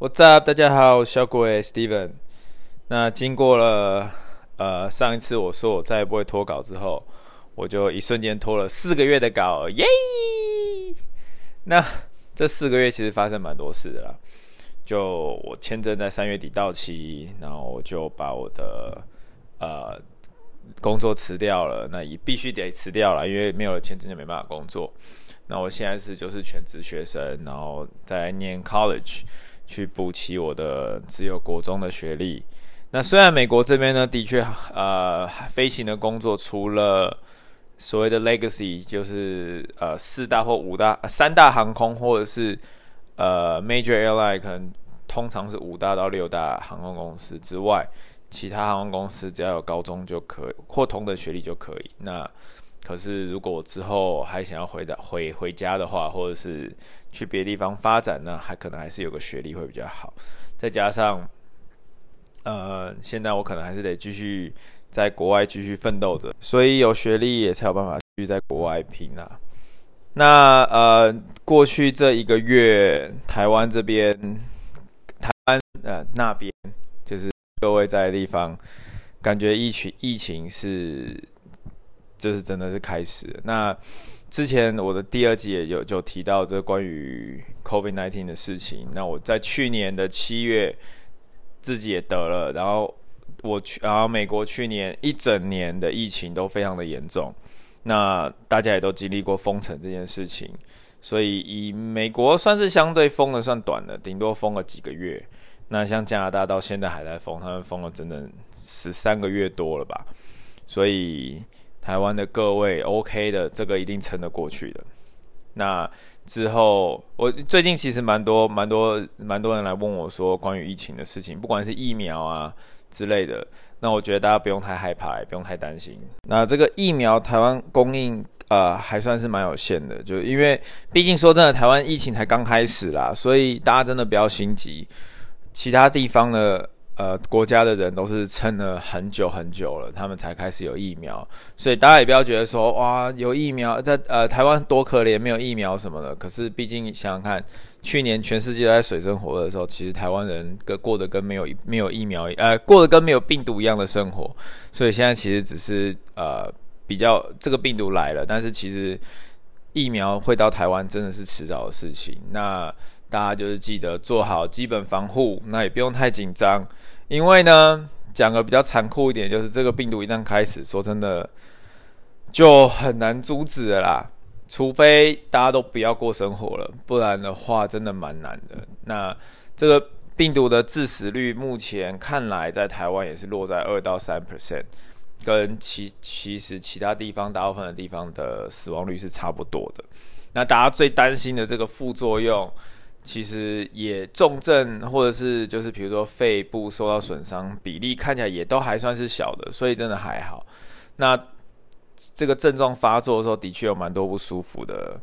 What's Up，大家好，我是小鬼 Steven。那經過了呃上一次我說我再也不會拖稿之後，我就一瞬間拖了四個月的稿耶！那這四個月其實發生蠻多事的啦，就我簽證在三月底到期，然後我就把我的呃工作辭掉了，那也必須得辭掉了，因為沒有了簽證就沒辦法工作。那我現在是就是全職學生，然後在念 college。去補齊我的只有國中的學歷。那雖然美國這邊呢，的確，呃，飛行的工作除了所謂的 legacy，就是呃四大或五大、呃、三大航空或者是呃 major airline，可能通常是五大到六大航空公司之外，其他航空公司只要有高中就可以，或同等學歷就可以。那可是，如果我之後還想要回到回回家的話，或者是去別的地方發展呢，還可能還是有個學歷會比較好。再加上，呃，現在我可能還是得繼續在國外繼續奮鬥着，所以有學歷也才有辦法去在國外拼啊。那呃，過去這一個月，台灣這邊、台灣呃那邊，就是各位在的地方，感覺疫情疫情是。這是真的是開始。那之前我的第二集也有就，就提到這關於 COVID-19 的事情。那我在去年的七月自己也得了，然後我去，然後美國去年一整年的疫情都非常的嚴重。那大家也都經歷過封城這件事情，所以以美國算是相對封的算短的，頂多封了幾個月。那像加拿大到現在還在封，他們封了整整十三個月多了吧。所以。台灣的各位，OK 的，這個一定撐得過去的。那之後，我最近其實蠻多、蠻多、蠻多人來問我說，關於疫情的事情，不管是疫苗啊之類的，那我覺得大家不用太害怕、欸，也不用太擔心。那這個疫苗，台灣供應呃還算是蠻有限的，就是因為畢竟說真的，台灣疫情才剛開始啦，所以大家真的不要心急。其他地方呢？呃，國家的人都是撐了很久很久了，他們才開始有疫苗，所以大家也不要覺得說哇有疫苗，在呃台灣多可憐，沒有疫苗什麼的。可是畢竟想想看，去年全世界在水深火熱的時候，其實台灣人跟過，過得跟沒有沒有疫苗，一呃過得跟沒有病毒一樣的生活。所以現在其實只是呃比較這個病毒來了，但是其實疫苗會到台灣真的是遲早的事情。那。大家就是記得做好基本防護，那也不用太緊張，因為呢，講個比較殘酷一點，就是這個病毒一旦開始，說真的，就很難阻止的啦，除非大家都不要過生活了，不然的話，真的蠻難的。那這個病毒的致死率目前看來，在台灣也是落在二到三 percent，跟其其實其他地方大部分的地方的死亡率是差不多的。那大家最擔心的這個副作用。其實也重症或者是就是比如說肺部受到損傷，比例看起來也都還算是小的，所以真的還好。那這個症狀發作的時候的確有蠻多不舒服的，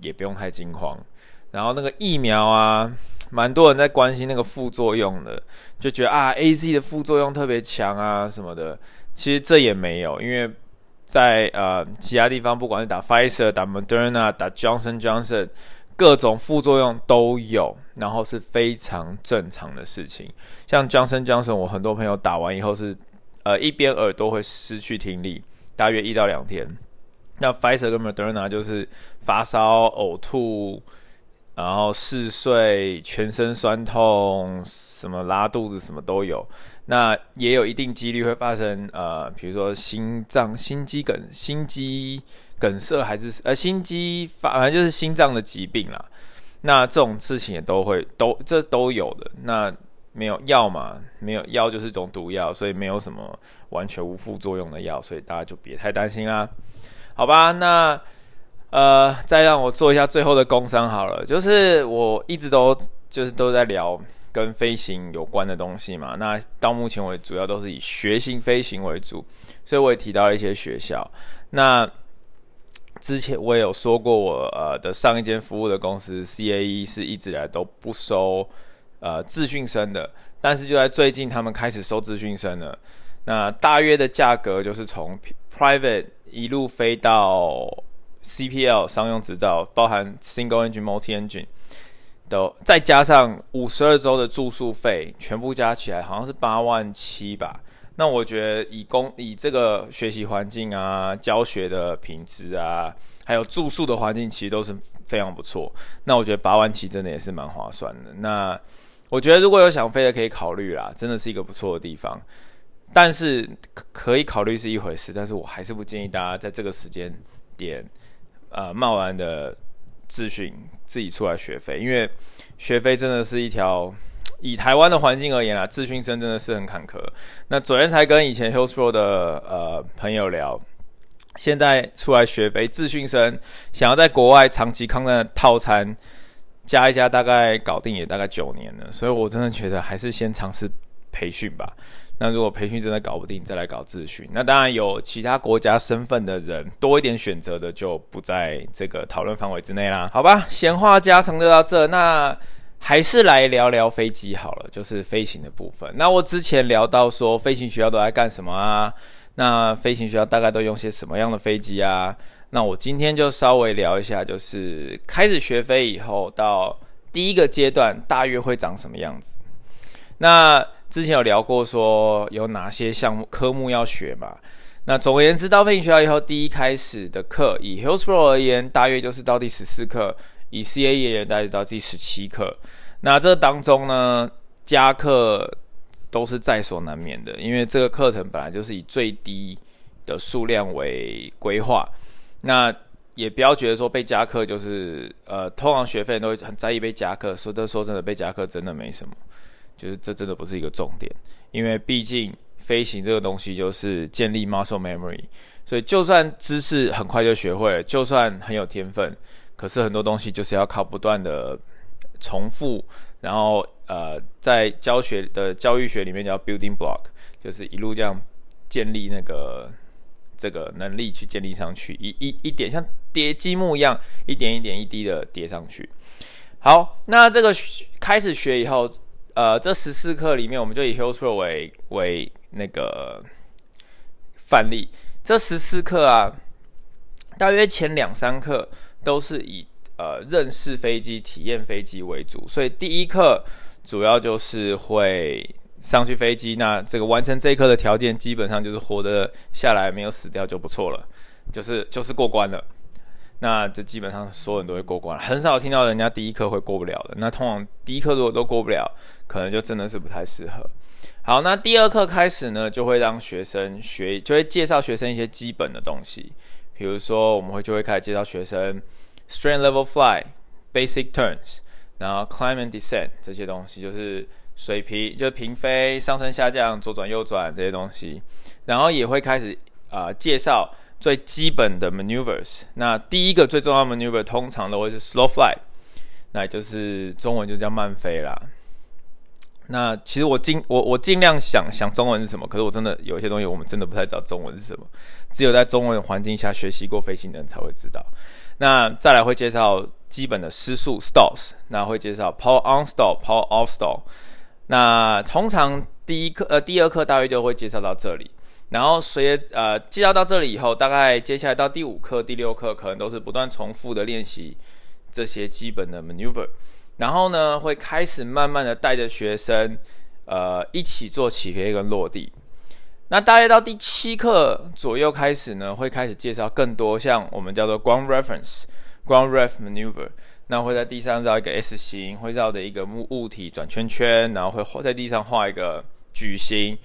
也不用太驚慌。然後那個疫苗啊，蠻多人在關心那個副作用的，就覺得啊，AZ 的副作用特別強啊什麼的。其實這也沒有，因為在呃其他地方不管是打 Pfizer、打 Moderna、打 Johnson Johnson Johnson。各種副作用都有，然後是非常正常的事情。像 Johnson Johnson，我很多朋友打完以後是，呃，一邊耳朵會失去聽力，大約一到兩天。那 Pfizer 跟 Moderna 就是發燒、嘔吐，然後嗜睡、全身酸痛，什麼拉肚子，什麼都有。那也有一定幾率會發生，呃，譬如說心臟、心肌梗、心肌。梗塞，還是呃心肌發，反正就是心臟的疾病啦。那這種事情也都會都這都有的。那沒有藥嘛？沒有藥就是一種毒藥，所以沒有什麼完全無副作用的藥，所以大家就別太擔心啦，好吧？那呃，再讓我做一下最後的工商好了，就是我一直都就是都在聊跟飛行有關的東西嘛。那到目前為止，主要都是以學習飛行為主，所以我也提到了一些學校那，之前我也有說過，我呃的上一間服務的公司 CAE 是一直以來都不收呃自訓生的，但是就在最近，他們開始收自訓生了。那大約的價格就是從 Private 一路飛到 CPL 商用執照，包含 Single Engine、Multi Engine 都，再加上五十二周的住宿費，全部加起來好像是八萬七吧。那我覺得以公以這個學習環境啊、教學的品質啊，還有住宿的環境，其實都是非常不錯。那我覺得八萬起真的也是蠻划算的。那我覺得如果有想飛的可以考慮啦，真的是一個不錯的地方。但是可以考慮是一回事，但是我還是不建議大家在這個時間點呃貿然的自訓自己出來學飛，因為學飛真的是一條。以台灣的環境而言啊，自訓生真的是很坎坷。那昨天才跟以前 Hospo 的呃朋友聊，現在出來學非自訓生，想要在國外長期抗戰的套餐，加一加大概搞定也大概九年了，所以我真的覺得還是先嘗試培訓吧。那如果培訓真的搞不定，再來搞自訓。那當然有其他國家身份的人多一點選擇的，就不在這個討論範圍之內啦，好吧？閒話家常就到這，那。還是來聊聊飛機好了，就是飛行的部分。那我之前聊到說，飛行學校都在幹什麼啊？那飛行學校大概都用些什麼樣的飛機啊？那我今天就稍微聊一下，就是開始學飛以後到第一個階段大約會長什麼樣子。那之前有聊過說有哪些項目科目要學嘛？那總而言之，到飛行學校以後，第一開始的課，以 Hillsboro 而言，大約就是到第十四課。以 CAE 來達到第十七課，那這當中呢，加課都是在所難免的，因為這個課程本來就是以最低的數量為規劃。那也不要覺得說被加課就是，呃，通常學費人都很在意被加課，說，但說真的，被加課真的沒什麼，就是這真的不是一個重點，因為畢竟飛行這個東西就是建立 muscle memory，所以就算知識很快就學會了，就算很有天分。可是很多東西就是要靠不斷的重複，然後呃，在教學的教育學裡面叫 building block，就是一路這樣建立那個這個能力去建立上去，一一一點像疊積木一樣，一點一點一滴的疊上去。好，那這個開始學以後，呃，這十四課裡面我們就以 Hillsboro 為為那個範例，這十四課啊，大約前兩三課。都是以呃認識飛機、體驗飛機為主，所以第一課主要就是會上去飛機。那這個完成這一課的條件，基本上就是活得下來，沒有死掉就不錯了，就是就是過關了。那這基本上所有人都會過關，很少聽到人家第一課會過不了的。那通常第一課如果都過不了，可能就真的是不太適合。好，那第二課開始呢，就會讓學生學，就會介紹學生一些基本的東西。比如說，我們會就會開始介紹學生 straight level fly，basic turns，然後 climb and descend 這些東西，就是水平就是平飛、上升下降、左轉右轉這些東西。然後也會開始啊、呃、介紹最基本的 maneuvers。那第一個最重要的 maneuver，通常都會是 slow fly，那就是中文就叫慢飛啦。那其實我儘我我儘量想想中文是什麼，可是我真的有些東西我們真的不太知道中文是什麼，只有在中文環境下學習過飛行的人才會知道。那再來會介紹基本的失速 stalls，那會介紹 power on stall power off stall。Stalk, 那通常第一課呃第二課大約就會介紹到這裡，然後所以呃介紹到這裡以後，大概接下來到第五課第六課可能都是不斷重複的練習這些基本的 maneuver。然後呢，會開始慢慢的帶着學生，呃，一起做起飛跟落地。那大約到第七課左右開始呢，會開始介紹更多像我們叫做 ground reference、ground ref maneuver。那會在地上繞一個 S 形，會繞著一個物物體轉圈圈，然後會畫在地上畫一個矩形，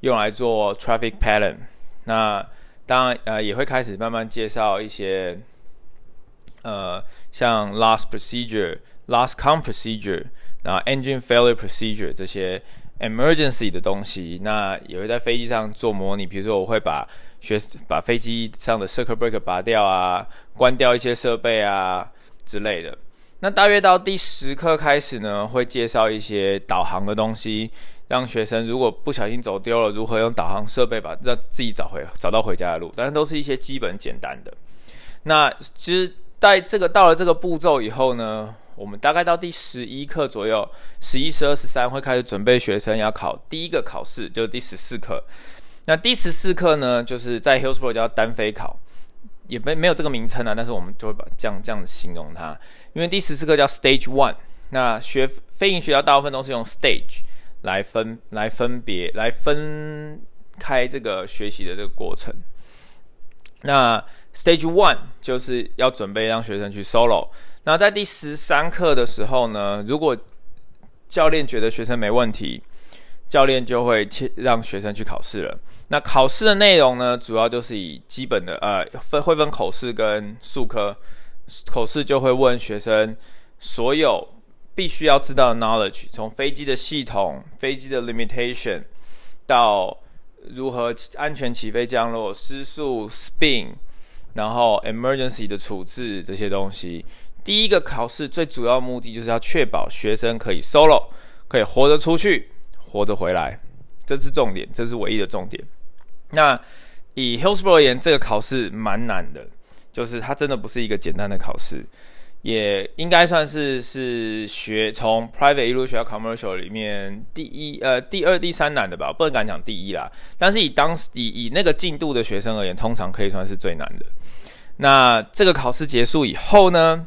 用來做 traffic pattern。那當然，呃，也會開始慢慢介紹一些，呃，像 last procedure。Last Comm Procedure，然後 Engine Failure Procedure 這些 Emergency 的東西，那也會在飛機上做模擬。比如說，我會把學把飛機上的 Circuit Breaker 拔掉啊，關掉一些設備啊之類的。那大約到第十課開始呢，會介紹一些導航的東西，讓學生如果不小心走丟了，如何用導航設備把讓自己找回找到回家的路。但是都是一些基本簡單的。那其實在這個到了這個步驟以後呢。我們大概到第十一課左右，十一、十二、十三會開始準備學生要考第一個考試，就是第十四課。那第十四課呢，就是在 Hillsboro 叫單飛考，也沒沒有這個名稱啊，但是我們就會把這樣這樣子形容它。因為第十四課叫 Stage One，那學飛行學校大部分都是用 Stage 來分來分別來分開這個學習的這個過程。那 Stage One 就是要準備讓學生去 solo。那在第十三課的時候呢，如果教練覺得學生沒問題，教練就會讓學生去考試了。那考試的內容呢，主要就是以基本的呃分會分口試跟術科。口試就會問學生所有必須要知道的 knowledge，從飛機的系統、飛機的 limitation 到如何安全起飛降落、失速 spin，然後 emergency 的處置這些東西。第一個考試最主要目的就是要確保學生可以 solo，可以活着出去，活着回來，這是重點，這是唯一的重點。那以 Hillsborough 而言，這個考試蠻難的，就是它真的不是一個簡單的考試，也應該算是是學從 private 一路學到 commercial 裡面第一呃第二第三難的吧，我不能敢講第一啦。但是以當時以以那個進度的學生而言，通常可以算是最難的。那這個考試結束以後呢，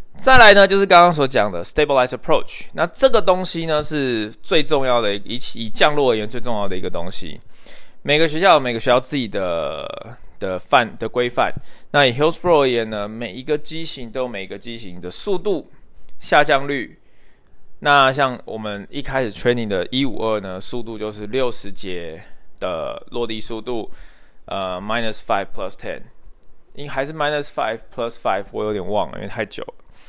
再來呢，就是剛剛所講的 stabilize approach。那這個東西呢，是最重要的，以以降落而言最重要的一個東西。每個學校，有每個學校自己的的範的規範。那以 Hillsboro 而言呢，每一個機型都有每一個機型的速度下降率。那像我們一開始 training 的一五二呢，速度就是六十節的落地速度，呃，minus five plus ten，因為還是 minus five plus five，我有點忘了，因為太久了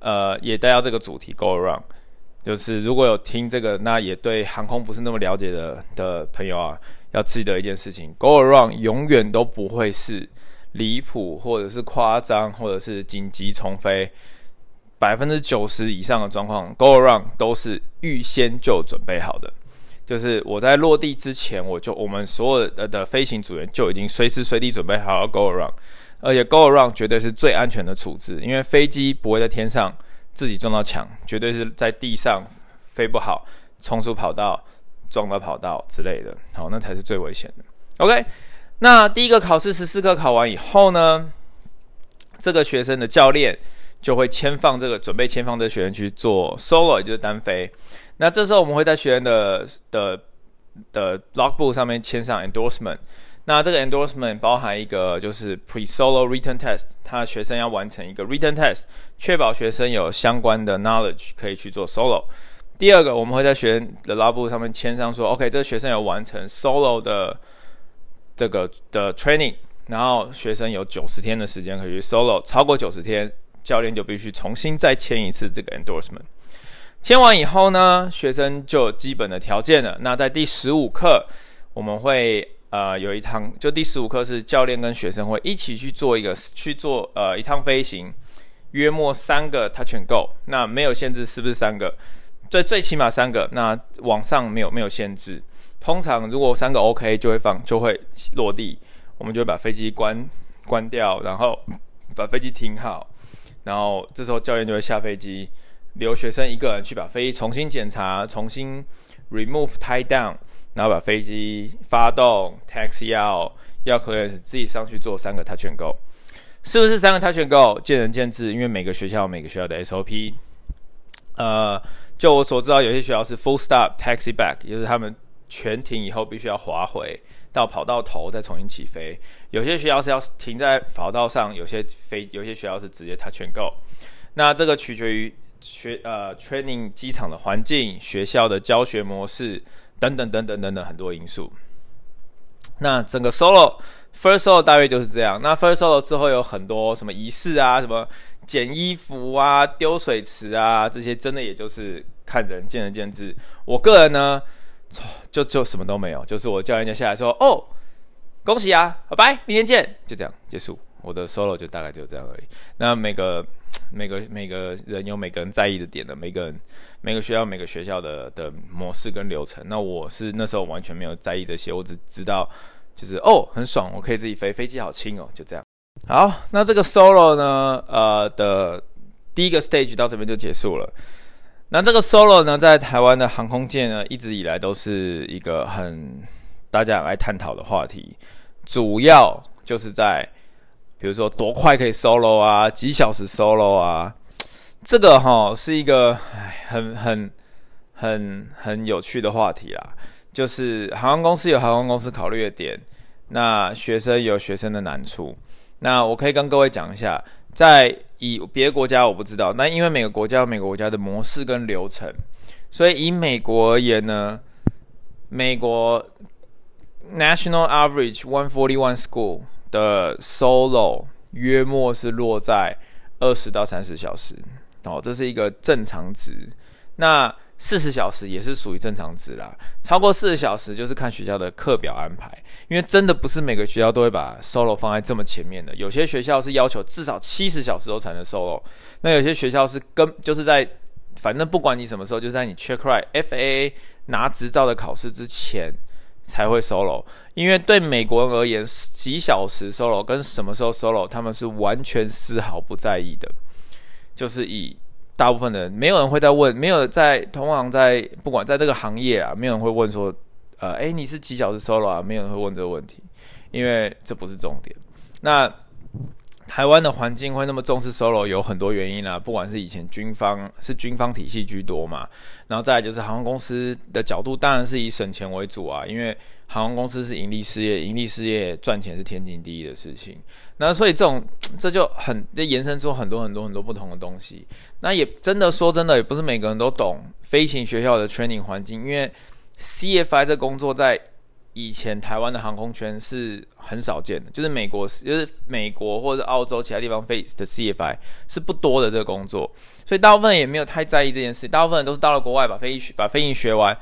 呃，也帶到這個主題，go around，就是如果有聽這個，那也對航空不是那麼了解的的朋友啊，要記得一件事情，go around 永遠都不會是離譜或者是誇張或者是緊急重飛，百分之九十以上的狀況，go around 都是預先就準備好的，就是我在落地之前，我就我們所有的，的飛行組員就已經隨時隨地準備好要 go around。而且 go around 絕對是最安全的處置，因為飛機不會在天上自己撞到牆，絕對是在地上飛不好，衝出跑道，撞到跑道之類的，好，那才是最危險的。OK，那第一個考試十四課考完以後呢，這個學生的教練就會簽放這個準備簽放這個學員去做 solo，也就是單飛。那這時候我們會在學員的的的 log book 上面簽上 endorsement。那這個 endorsement 包含一個就是 pre-solo written test，他學生要完成一個 written test，確保學生有相關的 knowledge 可以去做 solo。第二個，我們會在學生的 lab 上面簽上說，OK，這個學生有完成 solo 的這個的 training，然後學生有九十天的時間可以去 solo，超過九十天，教練就必須重新再簽一次這個 endorsement。簽完以後呢，學生就有基本的條件了。那在第十五課，我們會。呃，有一趟就第十五課是教練跟學生會一起去做一個去做呃一趟飛行，約莫三個 touch and go。那沒有限制是不是三個？最最起碼三個。那往上沒有沒有限制。通常如果三個 OK 就會放就會落地，我們就會把飛機關關掉，然後把飛機停好，然後這時候教練就會下飛機，留學生一個人去把飛機重新檢查，重新 remove tie down。然後把飛機發動，taxi out，要可能自己上去做三個 touch and go，是不是三個 touch and go？見仁見智，因為每個學校每個學校的 SOP。呃，就我所知道，有些學校是 full stop taxi back，就是他們全停以後必須要滑回到跑道頭再重新起飛；有些學校是要停在跑道上；有些飛有些學校是直接 touch and go。那這個取決於。學呃，training 機場的環境、學校的教學模式等等等等等等很多因素。那整個 solo first solo 大約就是這樣。那 first solo 之後有很多什麼儀式啊、什麼剪衣服啊、丟水池啊，這些真的也就是看人見仁見智。我個人呢，就就什麼都沒有，就是我教練家下來說：“哦，恭喜啊，拜拜，明天見。”就這樣結束。我的 solo 就大概就這樣而已。那每個每個每個人有每個人在意的點的，每個人每個學校每個學校的的模式跟流程。那我是那時候完全沒有在意這些，我只知道就是哦很爽，我可以自己飛，飛機好輕哦，就這樣。好，那這個 solo 呢，呃的第一個 stage 到這邊就結束了。那這個 solo 呢，在台灣的航空界呢，一直以來都是一個很大家來探討的話題，主要就是在。比如說多快可以 solo 啊，幾小時 solo 啊，這個哈、哦、是一個很很很很有趣的話題啦。就是航空公司有航空公司考慮的點，那學生有學生的難處。那我可以跟各位講一下，在以別國家我不知道，那因為每個國家有每個國家的模式跟流程，所以以美國而言呢，美國 national average one forty one school。的 solo 約莫是落在二十到三十小時，哦，這是一個正常值。那四十小時也是屬於正常值啦。超過四十小時就是看學校的課表安排，因為真的不是每個學校都會把 solo 放在這麼前面的。有些學校是要求至少七十小時後才能 solo，那有些學校是跟就是在反正不管你什麼時候，就是在你 checkride FAA 拿執照的考試之前。才會 solo，因為對美國人而言，幾小時 solo 跟什麼時候 solo，他們是完全絲毫不在意的。就是以大部分的人，沒有人會在問，沒有在同行在不管在這個行業啊，沒有人會問說，呃，哎，你是幾小時 solo 啊？沒有人會問這個問題，因為這不是重點。那台灣的環境會那麼重視 solo 有很多原因啦、啊，不管是以前軍方是軍方體系居多嘛，然後再來就是航空公司的角度，當然是以省錢為主啊，因為航空公司是盈利事業，盈利事業賺錢是天經地義的事情。那所以這種這就很就延伸出很多很多很多不同的東西。那也真的說真的，也不是每個人都懂飛行學校的 training 環境，因為 CFI 這工作在。以前台灣的航空圈是很少見的，就是美國，是，就是美國或者澳洲其他地方飛的 CFI 是不多的這個工作，所以大部分人也沒有太在意這件事，大部分人都是到了國外把飛行把飛行學完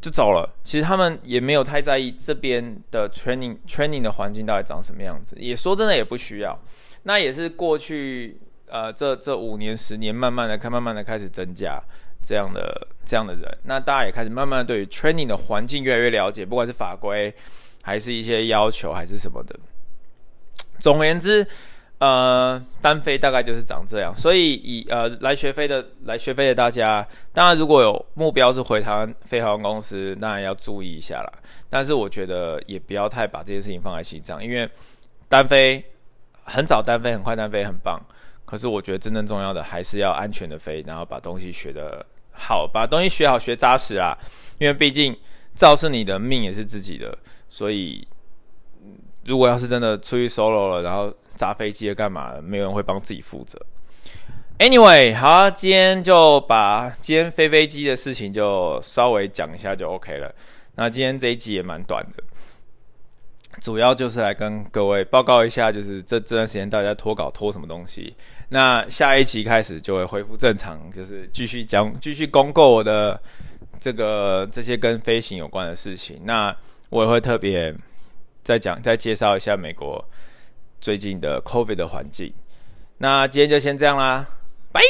就走了，其實他們也沒有太在意這邊的 training training 的環境到底長什麼樣子，也說真的也不需要，那也是過去呃這這五年十年慢慢的開慢慢的開始增加，這樣的這樣的人，那大家也開始慢慢對於 training 的環境越來越了解，不管是法規，還是一些要求，還是什麼的。總而言之，呃，單飛大概就是長這樣。所以，以，以呃來學飛的來學飛的大家，當然如果有目標是回台灣飛航公司，那要注意一下了。但是我覺得也不要太把這件事情放在心上，因為單飛很早單飛很快單飛很棒，可是我覺得真正重要的還是要安全的飛，然後把東西學的。好吧，東西學好學扎實啊，因為畢竟造是你的命也是自己的，所以如果要是真的出去 solo 了，然後砸飛機了幹嘛，沒有人會幫自己負責。Anyway，好啊，今天就把今天飛飛機的事情就稍微講一下就 OK 了。那今天這一集也蠻短的。主要就是來跟各位報告一下，就是這這段時間大家拖稿拖什麼東西。那下一期開始就會恢復正常，就是繼續講，繼續公布我的這個這些跟飛行有關的事情。那我也會特別再講，再介紹一下美國最近的 COVID 的環境。那今天就先這樣啦，拜。